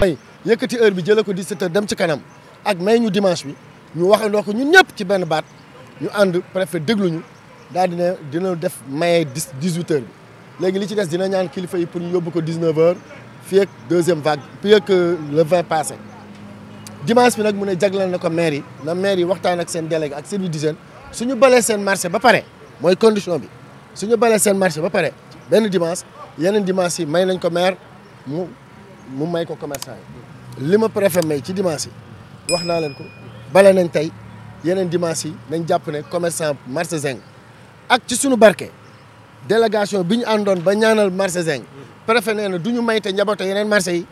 may yëkkati heure bi jëlee ko 17 heures dem ci kanam ak may ñu dimanche bi ñu waxandoo ko ñun ñëpp ci benn baat ñu ànd préfet dégluñu daal dina dina def maye dix 18 heures bi léegi li ci des dina ñaan kilifa yi pour ñu yóbbu ko 19 heures fii ak deuxième vague fii ak euh, le 20 passé dimanche bi nag mu ne jagleel ne ko maire yi na maire yi waxtaan ak seen délégué ak service d'hygiène suñu balee seen marché ba pare mooy condition bi suñu balee seen marché ba pare benn dimanche yeneen dimanche yi may nañ ko maire mu mu may ko commerçant yi li ma préfet may ci dimanche wax naa leen ko bale nañ tey yeneen dimanche yi nañ jàpp ne commerçant marché Zing ak ci sunu barke délégation bi ñu àndoon ba ñaanal marché Zing préfet nee du ñu may te njaboote yeneen marché yi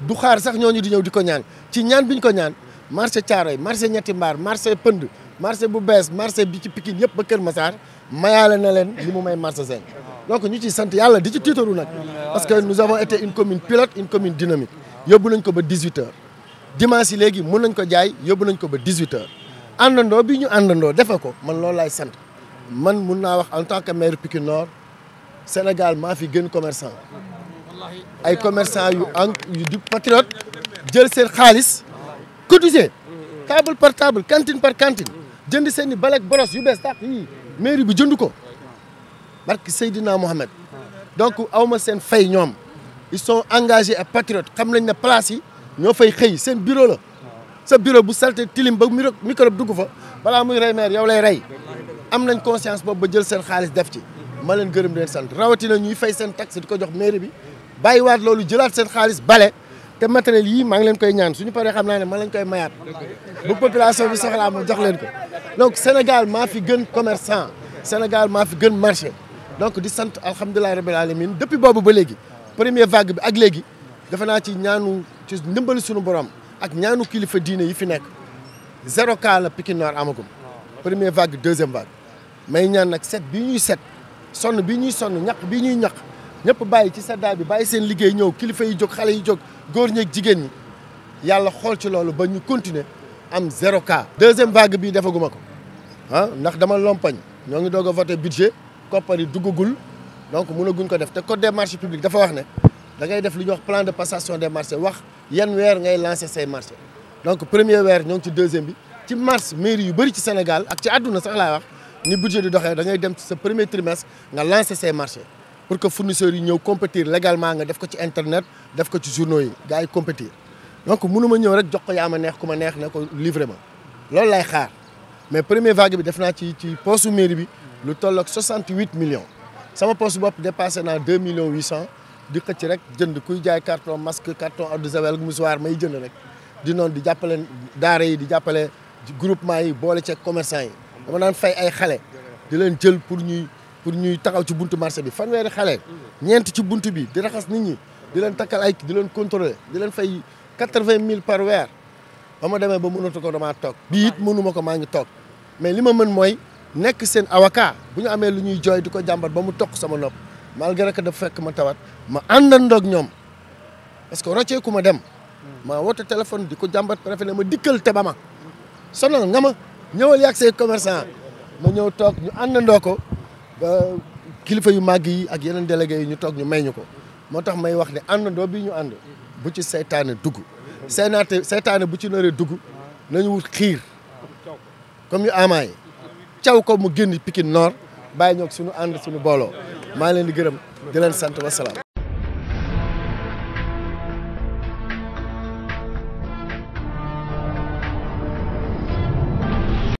du xaar sax ñooñu di ñëw di ko ñaan ci ñaan bi ñu ko ñaan marché Thiaroye marché ñetti mbaar marché pënd marché bu bees marché bi ci Pikine yëpp ba Kër Massar mayaale na leen li mu may marché Zing donc ñu ciy sant yàlla di ci tiitaru nag parce que nous avons été une commune pilote une commune dynamique yóbbu nañ ko ba 18 heures dimanche yi léegi mun nañ ko jaay yóbbu nañ ko ba 18 heures àndandoo bi ñu àndandoo defe ko man loolu laay sant man mun naa wax en tant que maire Pikine Nord Sénégal maa fi génn commerçant ay commerçant yu an yu di patriote jël seen xaalis cotiser table par table cantine par cantine jënd seeni i balek boros yu bees tàq yii mairie bi jënd ko barki Seydina Mohamed donc aw ma seen fay ñoom ils sont engagés et patriotes xam nañ ne place yi ñoo fay xëy seen bureau la sa bureau bu salte tilim ba microbe dugg fa balaa muy rey maire yow lay rey am nañ conscience boobu ba jël seen xaalis def ci ma leen gërëm leen sant rawatina ñuy fay seen taxe di ko jox mairie bi bàyyiwaat loolu jëlaat seen xaalis bale te matériel yii maa ngi leen koy ñaan suñu paree xam naa ne ma lañ koy mayaat bu population bi soxlaa ma jox leen donc Sénégal fi gën commerçant Sénégal maa fi gën marché donc di sant alhamdulilah rabil alamin depuis boobu ba léegi première vague bi ak léegi defe naa ci ñaanu ci ndimbalu suñu borom ak ñaanu kilifa diine yi fi nekk zéro cas la Pikine Nord amagum première vague deuxième vague may ñaan nag set bi ñuy set sonn bi ñuy sonn ñaq bi ñuy ñaq ñëpp bàyyi ci seddaay bi bàyyi seen liggéey ñëw kilifa yi jog xale yi jog góor ñeeg jigéen ñi yàlla xool ci loolu ba ñu continuer am zéro cas deuxième vague bii defaguma ko ah ndax dama lompañ ñoo ngi doog a voté budget koppar yi duggagul donc mënaguñ ko def te code des marchés publics dafa wax ne dangay def lu ñuy wax plan de passation des marchés wax yan weer ngay lancer say marché donc premier weer ñoo ngi ci deuxième bi ci mars mairie yu bëri ci Sénégal ak ci àdduna sax laay wax ni budget di doxee da ngay dem ci sa premier trimestre nga lancer say marché pour que fournisseurs yi ñëw compétir légalement nga def ko ci internet def ko ci journaux yi gars yi compétir donc munuma ñëw rek jox ko yaa ma neex ku ma neex ne ko livré ma loolu lay xaar mais premier vague bi def naa ci ci poosu mairie bi lu tolloog 68 millions sama poche bopp dépassé naa 2 millions 800 di xëcc rek jënd ku jaay carton masque carton eau de javel mouchoir may jënd rek di noonu di jàppale daara yi di jàppale groupement yi boole ceeg commerçant yi dama daan fay ay xale di leen jël pour ñuy pour ñuy taxaw ci buntu marché bi fan fanweeri xale ñeent ci buntu bi di raxas nit ñi di leen takkal ay di leen contrôler di leen fay 80 mille par weer ba ma demee ba mënatu ko damaa toog bii it mënuma ko maa ngi toog mais li ma mën mooy nekk seen avocat bu ñu amee lu ñuy jooy di ko jàmbat ba mu toq sama nopp malgré que dafa fekk ma tawat ma àndandoog ñoom parce que rocceeku ma dem ma woote téléphone di ko jàmbat préfet ne ma dikkal te ba ma sonal nga ma ñëwal yàgg say commerçant ma ñëw toog ñu àndandoo ko kilifa yu màgg yi ak yeneen délégué yi ñu toog ñu may ñu ko moo tax may wax ne àndandoo bi ñu ànd bu ci seytaane dugg seynaate seytaane bu ci naree dugg nañu wut xiir comme yu aamaay caw ko mu génn Pikine Nord bàyyi ñoo suñu ànd suñu booloo maa ngi leen di gërëm di leen sant wasalaam